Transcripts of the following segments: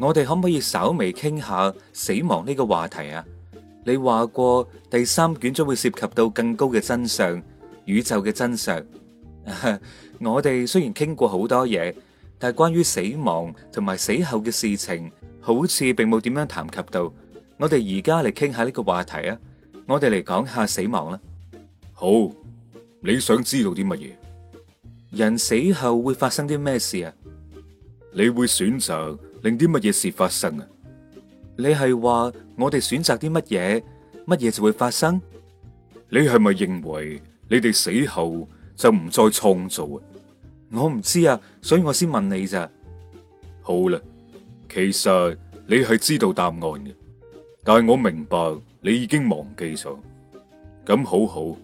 我哋可唔可以稍微傾下死亡呢個話題啊？你話過第三卷將會涉及到更高嘅真相，宇宙嘅真相。 我哋雖然傾過好多嘢，但係關於死亡同埋死後嘅事情，好似並冇點樣談及到。我哋而家嚟傾下呢個話題啊！我哋嚟講下死亡啦。好，你想知道啲乜嘢？人死後會發生啲咩事啊？你會選擇？令啲乜嘢事發生啊？你係話我哋選擇啲乜嘢，乜嘢就會發生？你係咪認為你哋死後就唔再創造啊？我唔知啊，所以我先問你咋。好啦，其實你係知道答案嘅，但我明白你已經忘記咗。咁好好，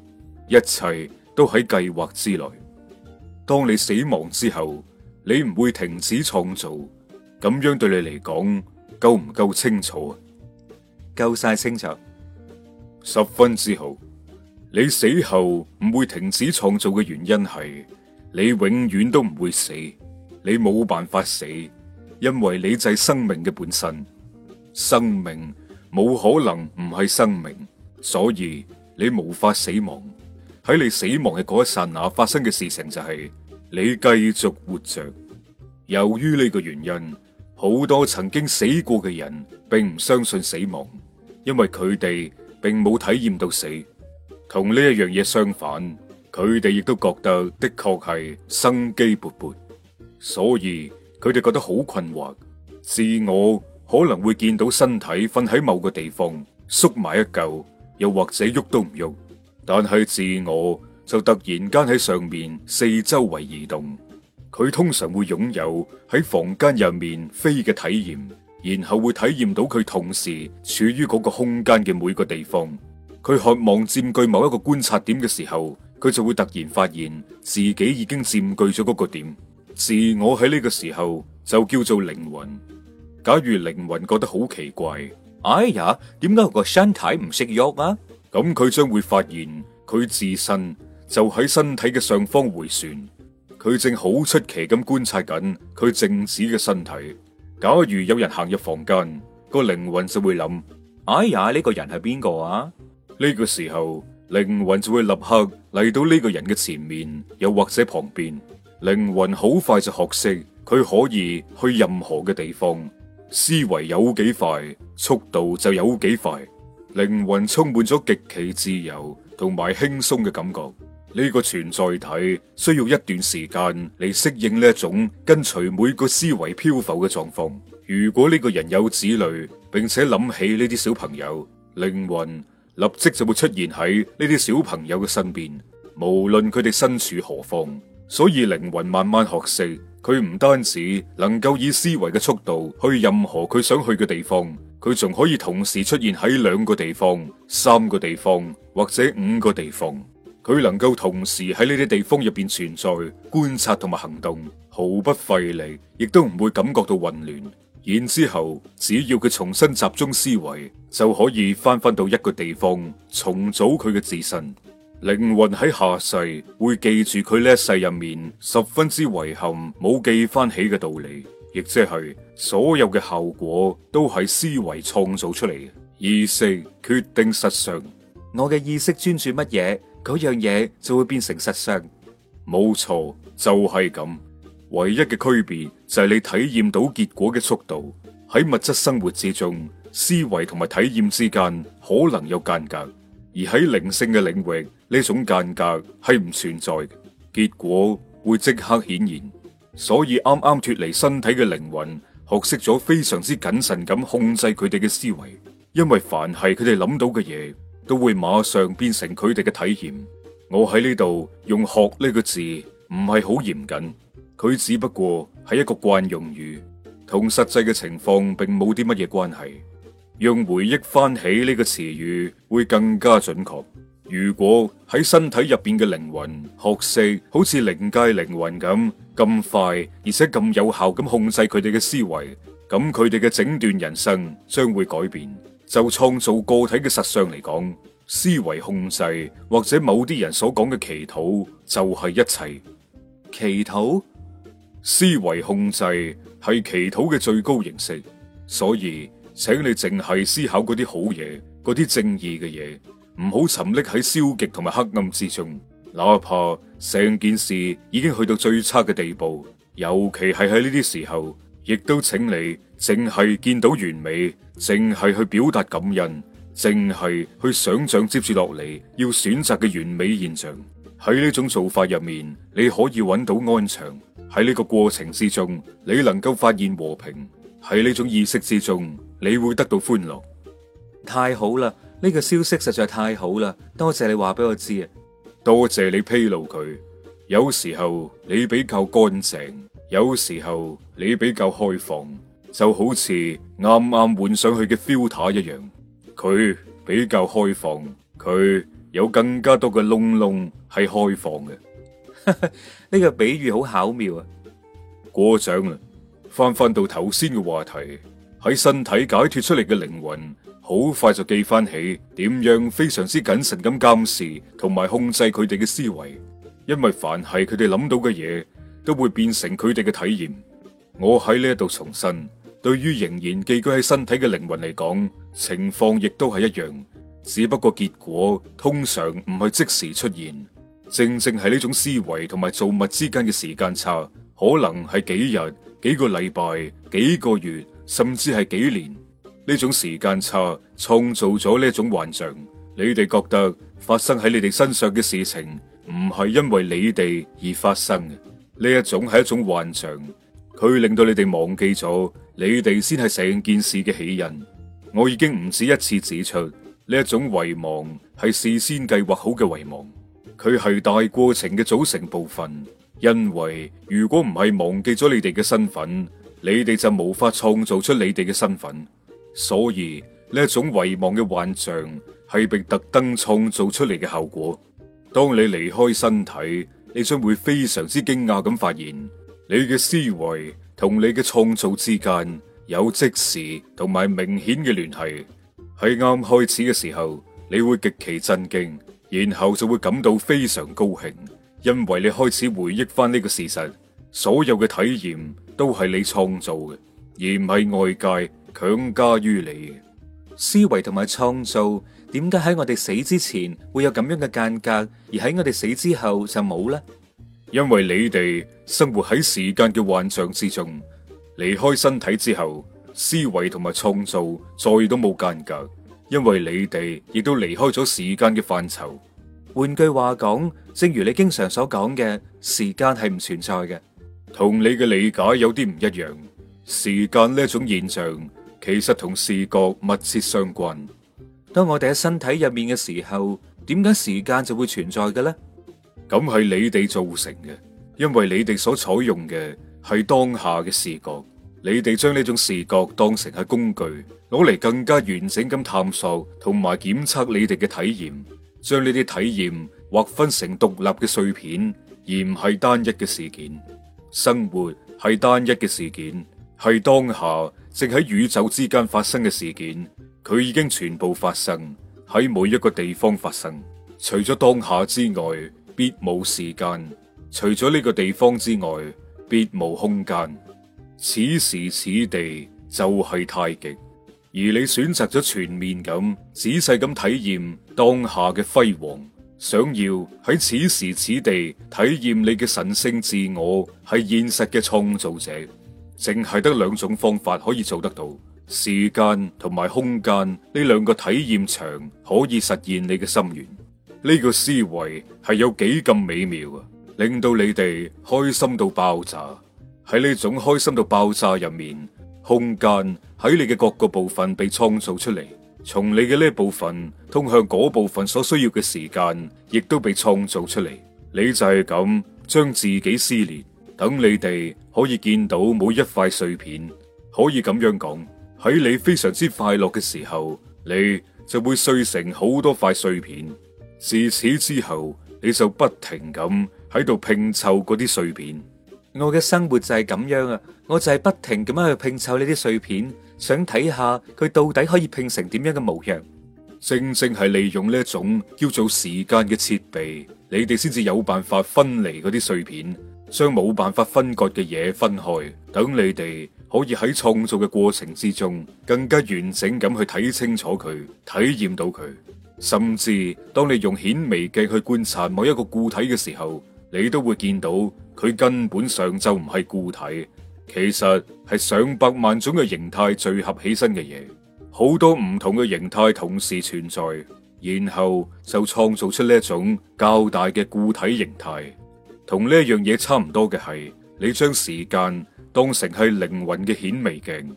一切都喺計劃之內。當你死亡之後，你唔會停止創造。咁樣對你嚟講，夠唔夠清楚啊？夠晒清楚，清楚十分之好。你死後唔會停止創造嘅原因係你永遠都唔會死，你冇辦法死，因為你就係生命嘅本身。生命冇可能唔係生命，所以你無法死亡。喺你死亡嘅嗰一刹那發生嘅事情就係、是、你繼續活着。由於呢個原因。好多曾經死過嘅人，並唔相信死亡，因為佢哋並冇體驗到死。同呢一樣嘢相反，佢哋亦都覺得的確係生機勃勃，所以佢哋覺得好困惑。自我可能會見到身體瞓喺某個地方，縮埋一嚿，又或者喐都唔喐，但係自我就突然間喺上面，四周圍移動。佢通常會擁有喺房間入面飛嘅體驗，然後會體驗到佢同時處於嗰個空間嘅每個地方。佢渴望佔據某一個觀察點嘅時候，佢就會突然發現自己已經佔據咗嗰個點。自我喺呢個時候就叫做靈魂。假如靈魂覺得好奇怪，哎呀，點解個身體唔識喐啊？咁佢將會發現佢自身就喺身體嘅上方回旋。佢正好出奇咁觀察緊佢靜止嘅身體。假如有人行入房間，個靈魂就會諗：哎呀，呢個人係邊個啊？呢個時候，靈魂就會立刻嚟到呢個人嘅前面，又或者旁邊。靈魂好快就學識佢可以去任何嘅地方，思維有幾快，速度就有幾快。靈魂充滿咗極其自由同埋輕鬆嘅感覺。呢個存在體需要一段時間嚟適應呢一種跟隨每個思維漂浮嘅狀況。如果呢個人有子女，並且諗起呢啲小朋友，靈魂立即就會出現喺呢啲小朋友嘅身邊，無論佢哋身處何方。所以靈魂慢慢學識，佢唔單止能夠以思維嘅速度去任何佢想去嘅地方，佢仲可以同時出現喺兩個地方、三個地方或者五個地方。佢能夠同時喺呢啲地方入邊存在，觀察同埋行動，毫不費力，亦都唔會感覺到混亂。然之後，只要佢重新集中思維，就可以翻翻到一個地方，重組佢嘅自身。靈魂喺下世會記住佢呢一世入面十分之遺憾冇記翻起嘅道理，亦即係所有嘅效果都係思維創造出嚟嘅意識決定實相。我嘅意識專注乜嘢？嗰樣嘢就會變成實相，冇錯，就係咁，唯一嘅區別就係你體驗到結果嘅速度。喺物質生活之中，思維同埋體驗之間可能有間隔，而喺靈性嘅領域，呢種間隔係唔存在嘅，結果會即刻顯現。所以啱啱脫離身體嘅靈魂，學識咗非常之謹慎咁控制佢哋嘅思維，因為凡係佢哋諗到嘅嘢，都會馬上變成佢哋嘅體驗。我喺呢度用學呢個字唔係好嚴謹，佢只不過係一個慣用語，同實際嘅情況並冇啲乜嘢關係。用回憶翻起呢個詞語會更加準確。如果喺身體入邊嘅靈魂學識好似靈界靈魂咁咁快，而且咁有效咁控制佢哋嘅思維，咁佢哋嘅整段人生將會改變。就創造個體嘅實相嚟講，思維控制或者某啲人所講嘅祈禱就係一切祈禱。就是、祈禱。思維控制係祈禱嘅最高形式，所以請你淨係思考嗰啲好嘢，嗰啲正義嘅嘢，唔好沉溺喺消極同埋黑暗之中。哪怕成件事已經去到最差嘅地步，尤其係喺呢啲時候，亦都請你淨係見到完美。淨係去表達感恩，淨係去想象接住落嚟要選擇嘅完美現象。喺呢種做法入面，你可以揾到安詳；喺呢個過程之中，你能夠發現和平。喺呢種意識之中，你會得到歡樂。太好啦！呢個消息實在太好啦！多謝你話俾我知啊！多謝你披露佢。有時候你比較乾淨，有時候你比較開放。就好似啱啱換上去嘅 filter 一樣，佢比較開放，佢有更加多嘅窿窿係開放嘅。呢 個比喻好巧妙啊！過獎啦，翻翻到頭先嘅話題，喺身體解脱出嚟嘅靈魂，好快就記翻起點樣非常之謹慎咁監視同埋控制佢哋嘅思維，因為凡係佢哋諗到嘅嘢，都會變成佢哋嘅體驗。我喺呢一度重申。對於仍然寄居喺身體嘅靈魂嚟講，情況亦都係一樣，只不過結果通常唔係即時出現。正正係呢種思維同埋造物之間嘅時間差，可能係幾日、幾個禮拜、幾個月，甚至係幾年。呢種時間差創造咗呢種幻象。你哋覺得發生喺你哋身上嘅事情，唔係因為你哋而發生嘅，呢一種係一種幻象。佢令到你哋忘記咗，你哋先係成件事嘅起因。我已經唔止一次指出，呢一種遺忘係事先計劃好嘅遺忘，佢係大過程嘅組成部分。因為如果唔係忘記咗你哋嘅身份，你哋就無法創造出你哋嘅身份。所以呢一種遺忘嘅幻象係被特登創造出嚟嘅效果。當你離開身體，你將會非常之驚訝咁發現。你嘅思維同你嘅創造之間有即時同埋明顯嘅聯繫，喺啱開始嘅時候你會極其震驚，然後就會感到非常高興，因為你開始回憶翻呢個事實，所有嘅體驗都係你創造嘅，而唔係外界強加於你。思維同埋創造點解喺我哋死之前會有咁樣嘅間隔，而喺我哋死之後就冇呢？因為你哋生活喺時間嘅幻象之中，離開身體之後，思維同埋創造再都冇間隔。因為你哋亦都離開咗時間嘅範疇。換句話講，正如你經常所講嘅，時間係唔存在嘅，同你嘅理解有啲唔一樣。時間呢種現象，其實同視覺密切相關。當我哋喺身體入面嘅時候，點解時間就會存在嘅呢？咁係你哋造成嘅，因為你哋所採用嘅係當下嘅視覺，你哋將呢種視覺當成係工具，攞嚟更加完整咁探索同埋檢測你哋嘅體驗，將呢啲體驗劃分成獨立嘅碎片，而唔係單一嘅事件。生活係單一嘅事件，係當下正喺宇宙之間發生嘅事件，佢已經全部發生，喺每一個地方發生，除咗當下之外。必冇時間，除咗呢個地方之外，必無空間。此時此地就係太極，而你選擇咗全面咁仔細咁體驗當下嘅輝煌，想要喺此時此地體驗你嘅神聖自我係現實嘅創造者，淨係得兩種方法可以做得到：時間同埋空間。呢兩個體驗場可以實現你嘅心願。呢個思維係有幾咁美妙啊！令到你哋開心到爆炸。喺呢種開心到爆炸入面，空間喺你嘅各個部分被創造出嚟。從你嘅呢部分通向嗰部分所需要嘅時間，亦都被創造出嚟。你就係咁將自己撕裂，等你哋可以見到每一塊碎片。可以咁樣講，喺你非常之快樂嘅時候，你就會碎成好多塊碎片。自此之後，你就不停咁喺度拼湊嗰啲碎片。我嘅生活就係咁樣啊，我就係不停咁樣去拼湊呢啲碎片，想睇下佢到底可以拼成點樣嘅模樣。正正係利用呢種叫做時間嘅設備，你哋先至有辦法分離嗰啲碎片，將冇辦法分割嘅嘢分開，等你哋可以喺創造嘅過程之中，更加完整咁去睇清楚佢，體驗到佢。甚至當你用顯微鏡去觀察某一個固體嘅時候，你都會見到佢根本上就唔係固體，其實係上百萬種嘅形態聚合起身嘅嘢，好多唔同嘅形態同時存在，然後就創造出呢一種較大嘅固體形態。同呢一樣嘢差唔多嘅係，你將時間當成係靈魂嘅顯微鏡。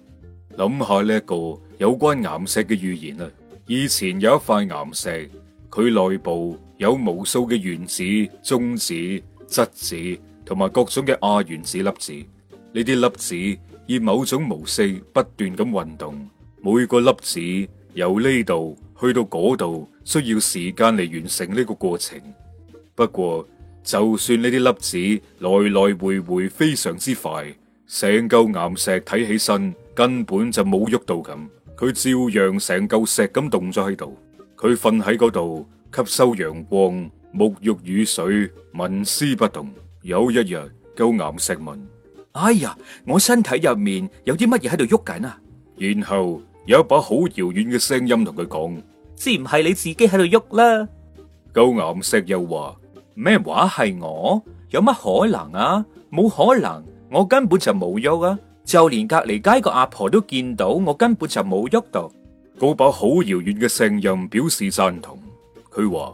諗下呢一個有關顏色嘅預言啦。以前有一塊岩石，佢內部有無數嘅原子、中子、質子同埋各種嘅亞原子粒子。呢啲粒子以某種模式不斷咁運動，每個粒子由呢度去到嗰度需要時間嚟完成呢個過程。不過就算呢啲粒子來來回回非常之快，成嚿岩石睇起身根本就冇喐到咁。佢照樣成嚿石咁凍咗喺度，佢瞓喺嗰度吸收陽光、沐浴雨水，紋絲不動。有一日，嚿岩石問：哎呀，我身體入面有啲乜嘢喺度喐緊啊？然後有一把好遙遠嘅聲音同佢講：只唔係你自己喺度喐啦？嚿岩石又話：咩話係我？有乜可能啊？冇可能，我根本就冇喐啊！就連隔籬街個阿婆都見到，我根本就冇喐到。嗰把好遙遠嘅聲音表示贊同，佢話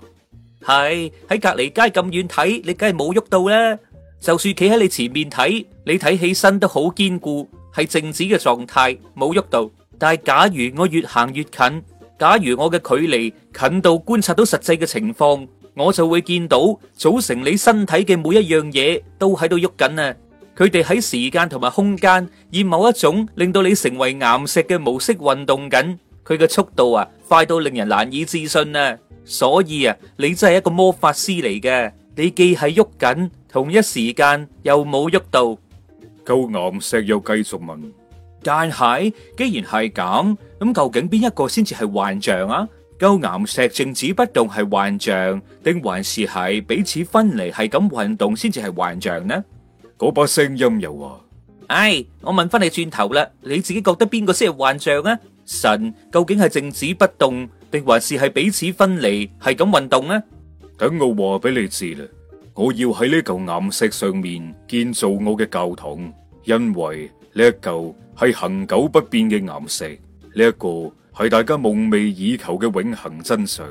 係喺隔籬街咁遠睇，你梗係冇喐到啦。就算企喺你前面睇，你睇起身都好堅固，係靜止嘅狀態，冇喐到。但係假如我越行越近，假如我嘅距離近到觀察到實際嘅情況，我就會見到組成你身體嘅每一樣嘢都喺度喐緊啊！佢哋喺時間同埋空間以某一種令到你成為岩石嘅模式運動緊，佢嘅速度啊快到令人難以置信啊！所以啊，你真係一個魔法師嚟嘅，你既係喐緊同一時間又冇喐到。高岩石又繼續問，但係既然係咁，咁究竟邊一個先至係幻象啊？高岩石靜止不動係幻象，定還是係彼此分離係咁運動先至係幻象呢？嗰把聲音又話，哎，我問翻你轉頭啦，你自己覺得邊個先係幻象啊？神究竟係靜止不動，定還是係彼此分離，係咁運動呢？等我話俾你知啦。我要喺呢嚿岩石上面建造我嘅教堂，因為呢一嚿係恒久不變嘅岩石，呢一個係大家夢寐以求嘅永恒真相。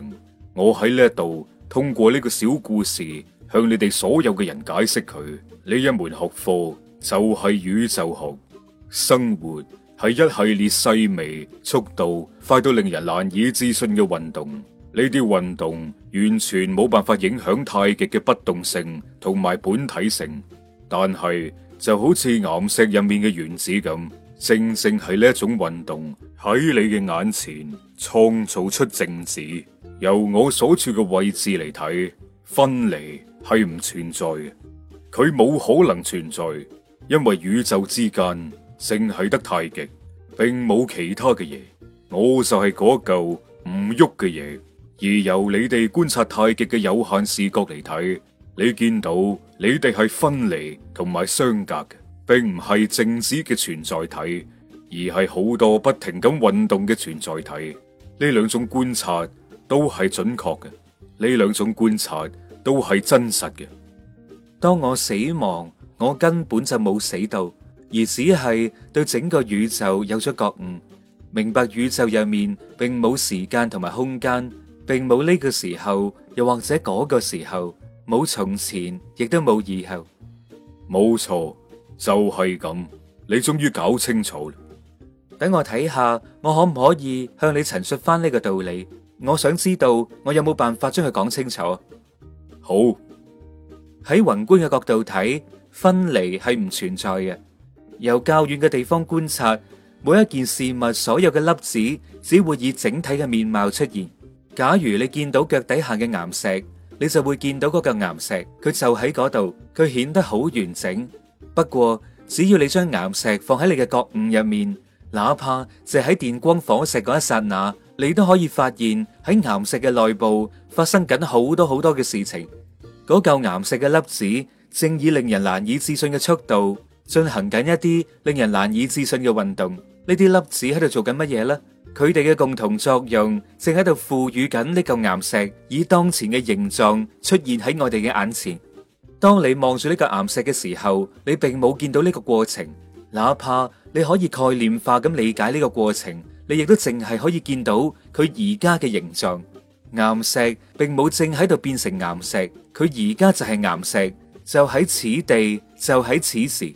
我喺呢一度通過呢個小故事向你哋所有嘅人解釋佢。呢一門學科就係宇宙學，生活係一系列細微、速度快到令人難以置信嘅運動。呢啲運動完全冇辦法影響太極嘅不動性同埋本體性。但係就好似岩石入面嘅原子咁，正正係呢一種運動喺你嘅眼前創造出靜止。由我所處嘅位置嚟睇，分離係唔存在嘅。佢冇可能存在，因為宇宙之間淨係得太極，並冇其他嘅嘢。我就係嗰嚿唔喐嘅嘢，而由你哋觀察太極嘅有限視覺嚟睇，你見到你哋係分離同埋相隔嘅，並唔係靜止嘅存在體，而係好多不停咁運動嘅存在體。呢兩種觀察都係準確嘅，呢兩種觀察都係真實嘅。當我死亡，我根本就冇死到，而只係對整個宇宙有咗覺悟，明白宇宙入面並冇時間同埋空間，並冇呢個時候，又或者嗰個時候，冇從前，亦都冇以後。冇錯，就係咁，你終於搞清楚啦。等我睇下，我可唔可以向你陳述翻呢個道理？我想知道我有冇辦法將佢講清楚。好。喺宏觀嘅角度睇，分離係唔存在嘅。由較遠嘅地方觀察每一件事物，所有嘅粒子只會以整體嘅面貌出現。假如你見到腳底下嘅岩石，你就會見到嗰嚿岩石，佢就喺嗰度，佢顯得好完整。不過，只要你將岩石放喺你嘅覺悟入面，哪怕就喺電光火石嗰一剎那，你都可以發現喺岩石嘅內部發生緊好多好多嘅事情。嗰嚿岩石嘅粒子正以令人難以置信嘅速度進行緊一啲令人難以置信嘅運動。呢啲粒子喺度做緊乜嘢呢？佢哋嘅共同作用正喺度賦予緊呢嚿岩石以當前嘅形狀出現喺我哋嘅眼前。當你望住呢嚿岩石嘅時候，你並冇見到呢個過程。哪怕你可以概念化咁理解呢個過程，你亦都淨係可以見到佢而家嘅形狀。岩石並冇正喺度變成岩石，佢而家就係岩石，就喺此地，就喺此時。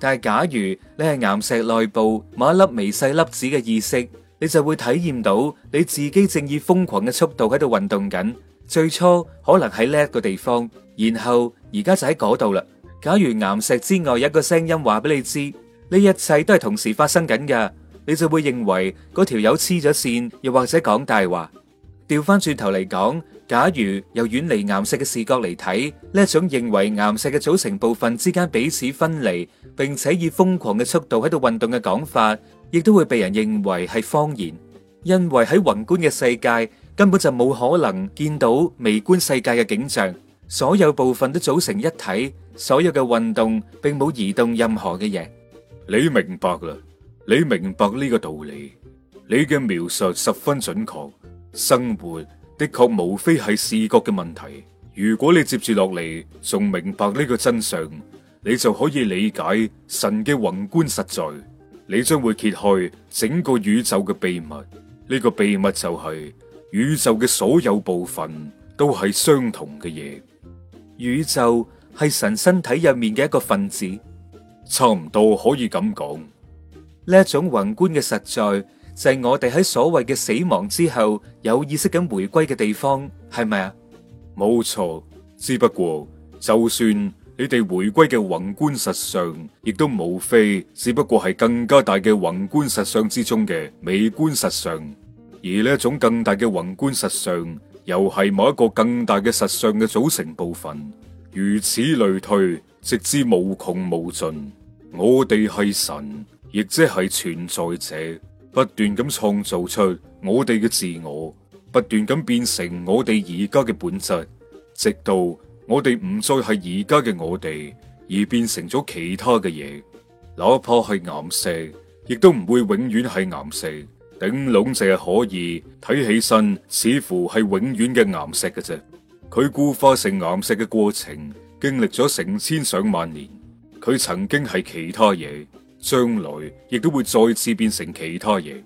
但係假如你係岩石內部某一粒微細粒子嘅意識，你就會體驗到你自己正以瘋狂嘅速度喺度運動緊。最初可能喺呢一個地方，然後而家就喺嗰度啦。假如岩石之外有一個聲音話俾你知，呢一切都係同時發生緊㗎，你就會認為嗰條友黐咗線，又或者講大話。調翻轉頭嚟講，假如由遠離岩石嘅視角嚟睇，呢一種認為岩石嘅組成部分之間彼此分離，並且以瘋狂嘅速度喺度運動嘅講法，亦都會被人認為係謊言，因為喺宏觀嘅世界根本就冇可能見到微觀世界嘅景象，所有部分都組成一體，所有嘅運動並冇移動任何嘅嘢。你明白啦，你明白呢個道理，你嘅描述十分準確。生活的確無非係視覺嘅問題。如果你接住落嚟仲明白呢個真相，你就可以理解神嘅宏觀實在。你將會揭開整個宇宙嘅秘密。呢個秘密就係宇宙嘅所有部分都係相同嘅嘢。宇宙係神身體入面嘅一個分子，差唔多可以咁講。呢一種宏觀嘅實在。就係我哋喺所謂嘅死亡之後有意識咁回歸嘅地方，係咪？啊？冇錯，只不過就算你哋回歸嘅宏觀實相，亦都無非只不過係更加大嘅宏觀實相之中嘅微觀實相，而呢一種更大嘅宏觀實相，又係某一個更大嘅實相嘅組成部分。如此類推，直至無窮無盡。我哋係神，亦即係存在者。不斷咁創造出我哋嘅自我，不斷咁變成我哋而家嘅本質，直到我哋唔再係而家嘅我哋，而變成咗其他嘅嘢。哪怕係岩石，亦都唔會永遠係岩石。頂籠淨係可以睇起身，似乎係永遠嘅岩石嘅啫。佢固化成岩石嘅過程，經歷咗成千上萬年。佢曾經係其他嘢。將來亦都會再次變成其他嘢。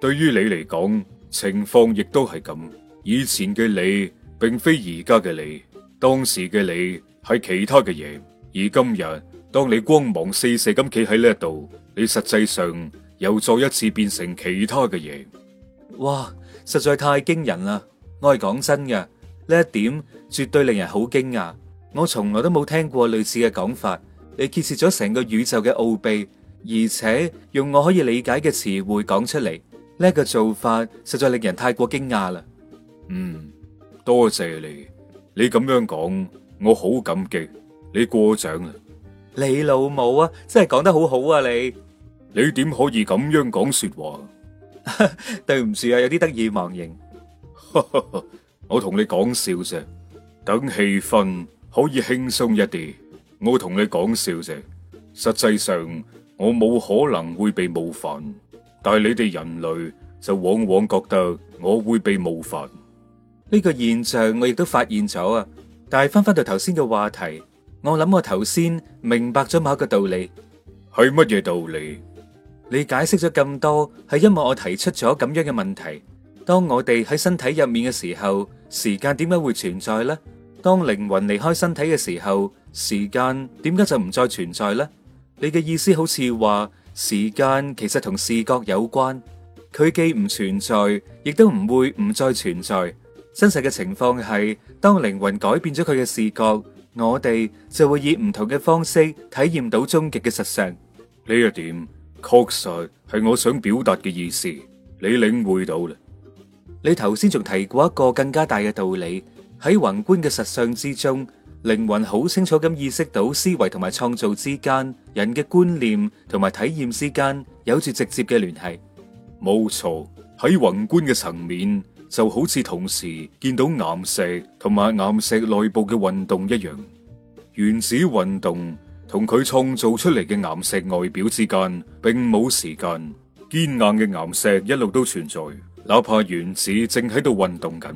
對於你嚟講，情況亦都係咁。以前嘅你，並非而家嘅你。當時嘅你係其他嘅嘢，而今日當你光芒四射咁企喺呢一度，你實際上又再一次變成其他嘅嘢。哇，實在太驚人啦！我係講真嘅，呢一點絕對令人好驚訝。我從來都冇聽過類似嘅講法。你揭示咗成個宇宙嘅奧秘，而且用我可以理解嘅詞彙講出嚟，呢個做法實在令人太過驚訝啦。嗯，多謝你，你咁樣講，我好感激，你過獎啦。你老母啊，真係講得好好啊你。你點可以咁樣講說話？ 對唔住啊，有啲得意忘形。 我同你講笑啫，等氣氛可以輕鬆一啲。我同你講笑啫，實際上我冇可能會被冒犯，但係你哋人類就往往覺得我會被冒犯。呢個現象我亦都發現咗啊！但係翻翻到頭先嘅話題，我諗我頭先明白咗某個道理，係乜嘢道理？你解釋咗咁多，係因為我提出咗咁樣嘅問題。當我哋喺身體入面嘅時候，時間點解會存在呢？當靈魂離開身體嘅時候？時間點解就唔再存在呢？你嘅意思好似話時間其實同視覺有關，佢既唔存在，亦都唔會唔再存在。真實嘅情況係，當靈魂改變咗佢嘅視覺，我哋就會以唔同嘅方式體驗到終極嘅實相。呢一點確實係我想表達嘅意思，你領會到嘞。你頭先仲提過一個更加大嘅道理，喺宏觀嘅實相之中。靈魂好清楚咁意識到思維同埋創造之間，人嘅觀念同埋體驗之間有住直接嘅聯繫，冇錯。喺宏觀嘅層面，就好似同時見到岩石同埋岩石內部嘅運動一樣，原子運動同佢創造出嚟嘅岩石外表之間，並冇時間。堅硬嘅岩石一路都存在，哪怕原子正喺度運動緊。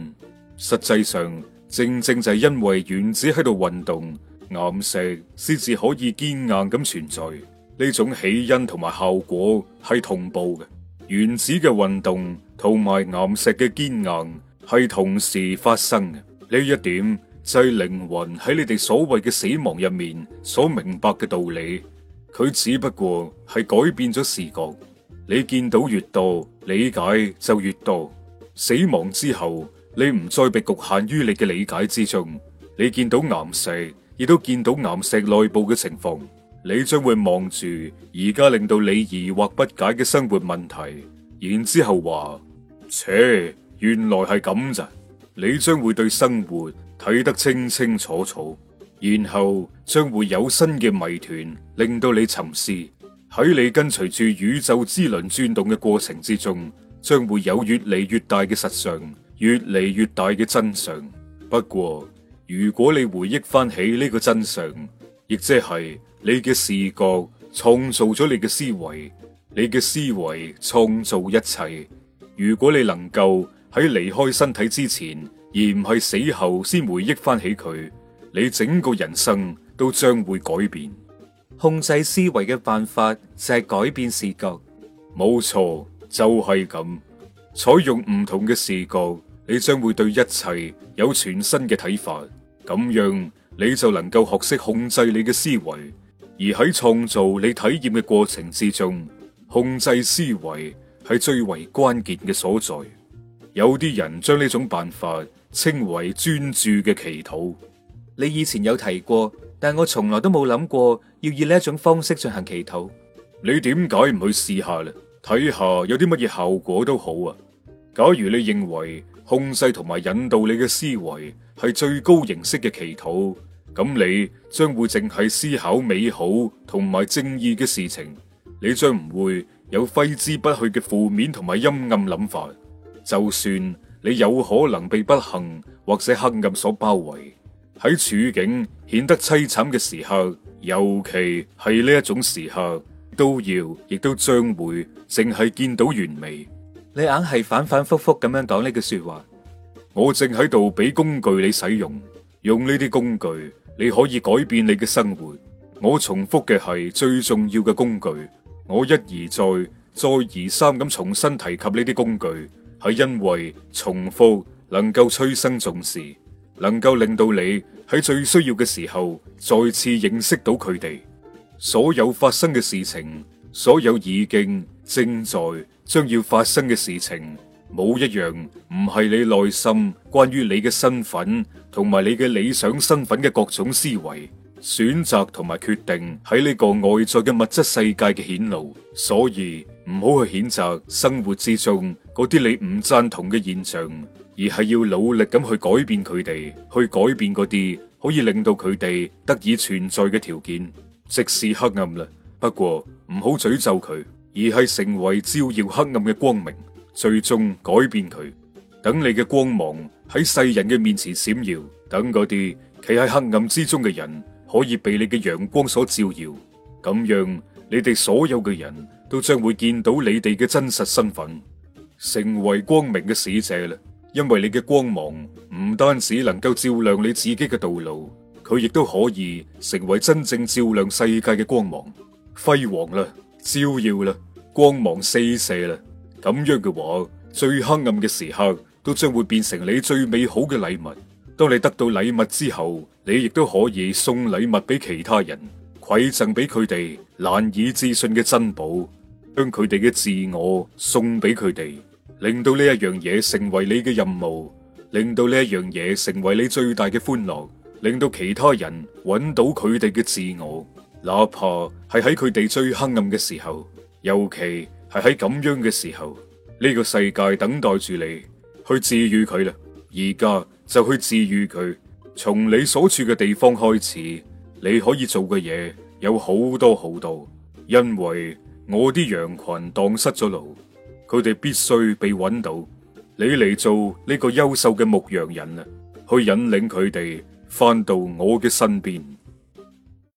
實際上。正正就係因為原子喺度運動，岩石先至可以堅硬咁存在。呢種起因同埋效果係同步嘅，原子嘅運動同埋岩石嘅堅硬係同時發生嘅。呢一點就係靈魂喺你哋所謂嘅死亡入面所明白嘅道理，佢只不過係改變咗視覺。你見到越多，理解就越多。死亡之後。你唔再被局限於你嘅理解之中，你見到岩石，亦都見到岩石內部嘅情況。你將會望住而家令到你疑惑不解嘅生活問題，然之後話：「切，原來係咁咋！你將會對生活睇得清清楚楚，然後將會有新嘅謎團令到你沉思。喺你跟隨住宇宙之輪轉動嘅過程之中，將會有越嚟越大嘅實相。越嚟越大嘅真相。不過，如果你回憶翻起呢個真相，亦即係你嘅視覺創造咗你嘅思維，你嘅思維創造一切。如果你能夠喺離開身體之前，而唔係死後先回憶翻起佢，你整個人生都將會改變。控制思維嘅辦法就係改變視覺。冇錯，就係咁。採用唔同嘅視覺。你將會對一切有全新嘅睇法，咁樣你就能夠學識控制你嘅思維，而喺創造你體驗嘅過程之中，控制思維係最為關鍵嘅所在。有啲人將呢種辦法稱為專注嘅祈禱。你以前有提過，但我從來都冇諗過要以呢一種方式進行祈禱。你點解唔去試下呢？睇下有啲乜嘢效果都好啊。假如你認為，控制同埋引導你嘅思維係最高形式嘅祈禱，咁你將會淨係思考美好同埋正義嘅事情，你將唔會有揮之不去嘅負面同埋陰暗諗法。就算你有可能被不幸或者黑暗所包圍，喺處境顯得淒慘嘅時刻，尤其係呢一種時刻，都要亦都將會淨係見到完美。你硬係反反復復咁樣講呢句說話，我正喺度俾工具你使用，用呢啲工具你可以改變你嘅生活。我重複嘅係最重要嘅工具，我一而再，再而三咁重新提及呢啲工具，係因為重複能夠催生重視，能夠令到你喺最需要嘅時候再次認識到佢哋。所有發生嘅事情，所有已經正在。將要發生嘅事情，冇一樣唔係你內心關於你嘅身份同埋你嘅理想身份嘅各種思維、選擇同埋決定喺呢個外在嘅物質世界嘅顯露。所以唔好去譴責生活之中嗰啲你唔贊同嘅現象，而係要努力咁去改變佢哋，去改變嗰啲可以令到佢哋得以存在嘅條件。即使黑暗啦，不過唔好詛咒佢。而係成為照耀黑暗嘅光明，最終改變佢。等你嘅光芒喺世人嘅面前閃耀，等嗰啲企喺黑暗之中嘅人可以被你嘅陽光所照耀。咁樣，你哋所有嘅人都將會見到你哋嘅真實身份，成為光明嘅使者啦。因為你嘅光芒唔單止能夠照亮你自己嘅道路，佢亦都可以成為真正照亮世界嘅光芒，輝煌啦！照耀啦，光芒四射啦！咁樣嘅話，最黑暗嘅時刻都將會變成你最美好嘅禮物。當你得到禮物之後，你亦都可以送禮物俾其他人，饋贈俾佢哋難以置信嘅珍寶，將佢哋嘅自我送俾佢哋，令到呢一樣嘢成為你嘅任務，令到呢一樣嘢成為你最大嘅歡樂，令到其他人揾到佢哋嘅自我。哪怕係喺佢哋最黑暗嘅時候，尤其係喺咁樣嘅時候，呢、這個世界等待住你去治愈佢啦。而家就去治愈佢，從你所處嘅地方開始，你可以做嘅嘢有好多好多。因為我啲羊群盪失咗路，佢哋必須被揾到。你嚟做呢個優秀嘅牧羊人啦，去引領佢哋翻到我嘅身邊。